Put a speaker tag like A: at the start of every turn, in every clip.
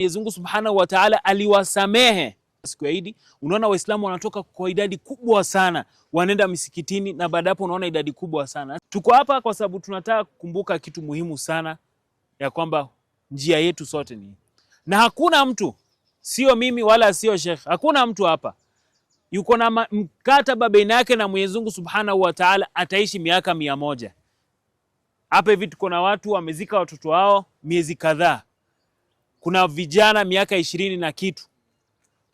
A: Mwenyezi Mungu Subhanahu wa Ta'ala aliwasamehe siku ya Idi. Unaona Waislamu wanatoka kwa idadi kubwa sana, wanaenda misikitini na baada hapo unaona idadi kubwa sana. Tuko hapa kwa sababu tunataka kukumbuka kitu muhimu sana ya kwamba njia yetu sote ni na hakuna mtu, sio mimi wala sio Sheikh, hakuna mtu hapa yuko na mkataba baina yake na Mwenyezi Mungu Subhanahu wa Ta'ala ataishi miaka mia moja. Hapa hivi tuko na watu wamezika watoto wao miezi kadhaa kuna vijana miaka ishirini na kitu,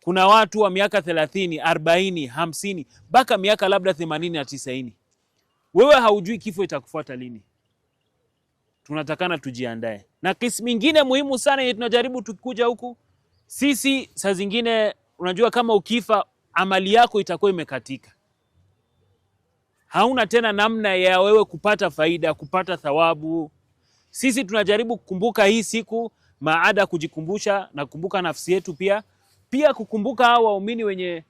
A: kuna watu wa miaka thelathini, arobaini, hamsini mpaka miaka labda themanini na tisaini. Wewe haujui kifo itakufuata lini. Tunatakana tujiandae na kesi mingine muhimu sana yenye tunajaribu tukikuja huku sisi, saa zingine unajua, kama ukifa amali yako itakuwa imekatika, hauna tena namna ya wewe kupata faida, kupata thawabu. Sisi tunajaribu kukumbuka hii siku maada kujikumbusha na kukumbuka nafsi yetu pia pia kukumbuka hao waumini wenye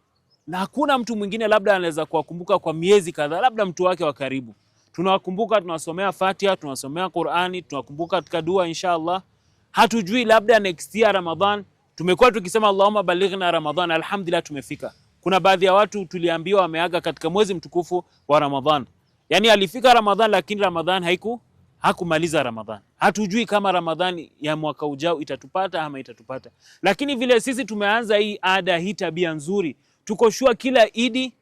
A: na hakuna mtu mwingine labda anaweza kuwakumbuka kwa miezi kadhaa, labda mtu wake wa karibu. Tunawakumbuka, tunasomea Fatiha, tunasomea Qur'ani, tunakumbuka katika dua inshallah. Hatujui labda next year Ramadhan tumekuwa tukisema Allahumma balighna Ramadhan, alhamdulillah tumefika. Kuna baadhi ya watu tuliambiwa wameaga katika mwezi mtukufu wa Ramadhan, yani alifika Ramadhan lakini Ramadhan haiku hakumaliza Ramadhani. Hatujui kama Ramadhani ya mwaka ujao itatupata ama itatupata, lakini vile sisi tumeanza hii ada, hii tabia nzuri, tuko shua kila Idi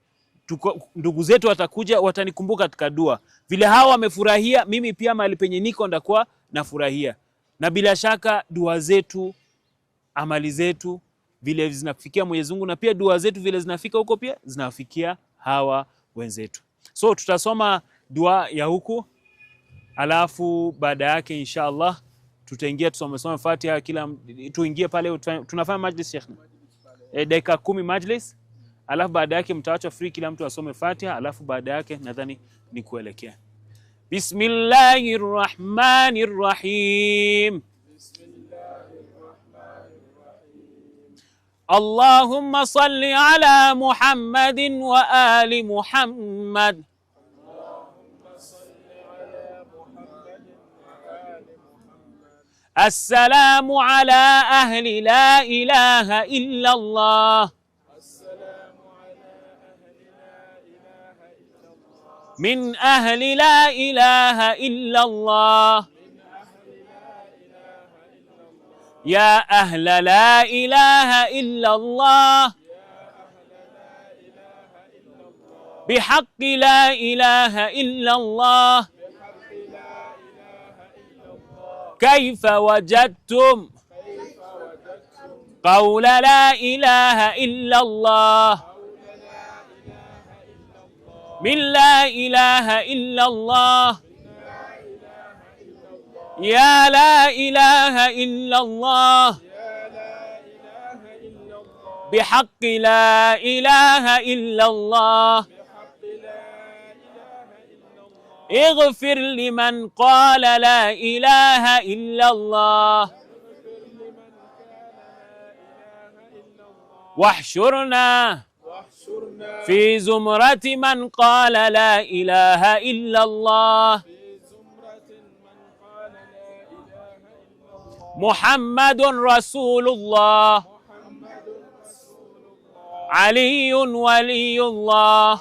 A: tuko, ndugu zetu watakuja watanikumbuka katika dua. Vile hawa wamefurahia, mimi pia mahali penye niko ndakuwa nafurahia, na bila shaka dua zetu, amali zetu vile zinafikia Mwenyezi Mungu, na pia dua zetu vile zinafika huko pia zinafikia hawa wenzetu. So tutasoma dua ya huku alafu baada yake insha Allah tutaingia tusomesome Fatiha kila tuingie pale tunafanya majlis Sheikh, e, dakika kumi majlis, alafu baada yake mtaachwa free, kila mtu asome Fatiha, alafu baada yake nadhani ni kuelekea Bismillahir Rahmanir Rahim. Allahumma salli ala Muhammadin wa ali Muhammad السلام على أهل لا إله إلا الله السلام على أهل لا إله إلا الله من أهل لا إله إلا الله يا أهل لا إله إلا الله بحق لا إله إلا الله كيف وجدتم قول لا إله إلا الله من لا إله إلا الله يا لا إله إلا الله بحق لا إله إلا الله اغفر لمن قال لا إله إلا الله واحشرنا في زمرة من قال لا إله إلا الله محمد رسول الله علي ولي الله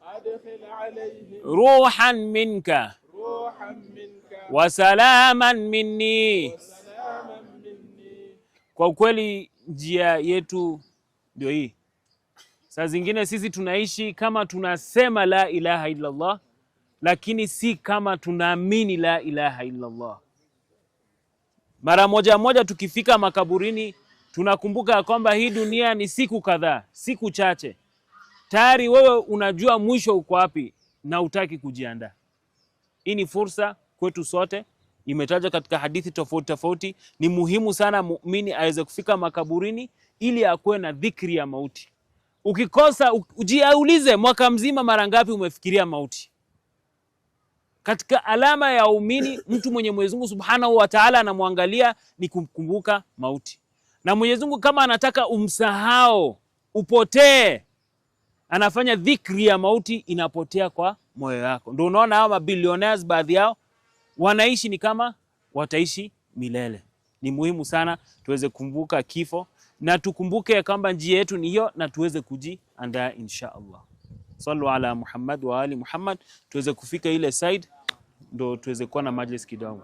A: ruhan minka wa salaman minni. Kwa ukweli njia yetu ndio hii. Saa zingine sisi tunaishi kama tunasema la ilaha illallah, lakini si kama tunaamini la ilaha illallah. Mara moja moja tukifika makaburini tunakumbuka kwamba hii dunia ni siku kadhaa, siku chache. Tayari wewe unajua mwisho uko wapi na utaki kujiandaa. Hii ni fursa kwetu sote, imetajwa katika hadithi tofauti tofauti. Ni muhimu sana muumini aweze kufika makaburini ili akuwe na dhikri ya mauti. Ukikosa ujiaulize, mwaka mzima mara ngapi umefikiria mauti? Katika alama ya umini, mtu mwenye Mwenyezi Mungu Subhanahu wa Ta'ala anamwangalia ni kumkumbuka mauti, na Mwenyezi Mungu kama anataka umsahau upotee anafanya dhikri ya mauti inapotea kwa moyo wako. Ndio unaona hao mabilionaires baadhi yao wanaishi ni kama wataishi milele. Ni muhimu sana tuweze kumbuka kifo na tukumbuke kwamba njia yetu ni hiyo, na tuweze kujiandaa insha Allah. Sallu ala Muhammad wa ali Muhammad, tuweze kufika ile side, ndo tuweze kuwa na majlis kidogo.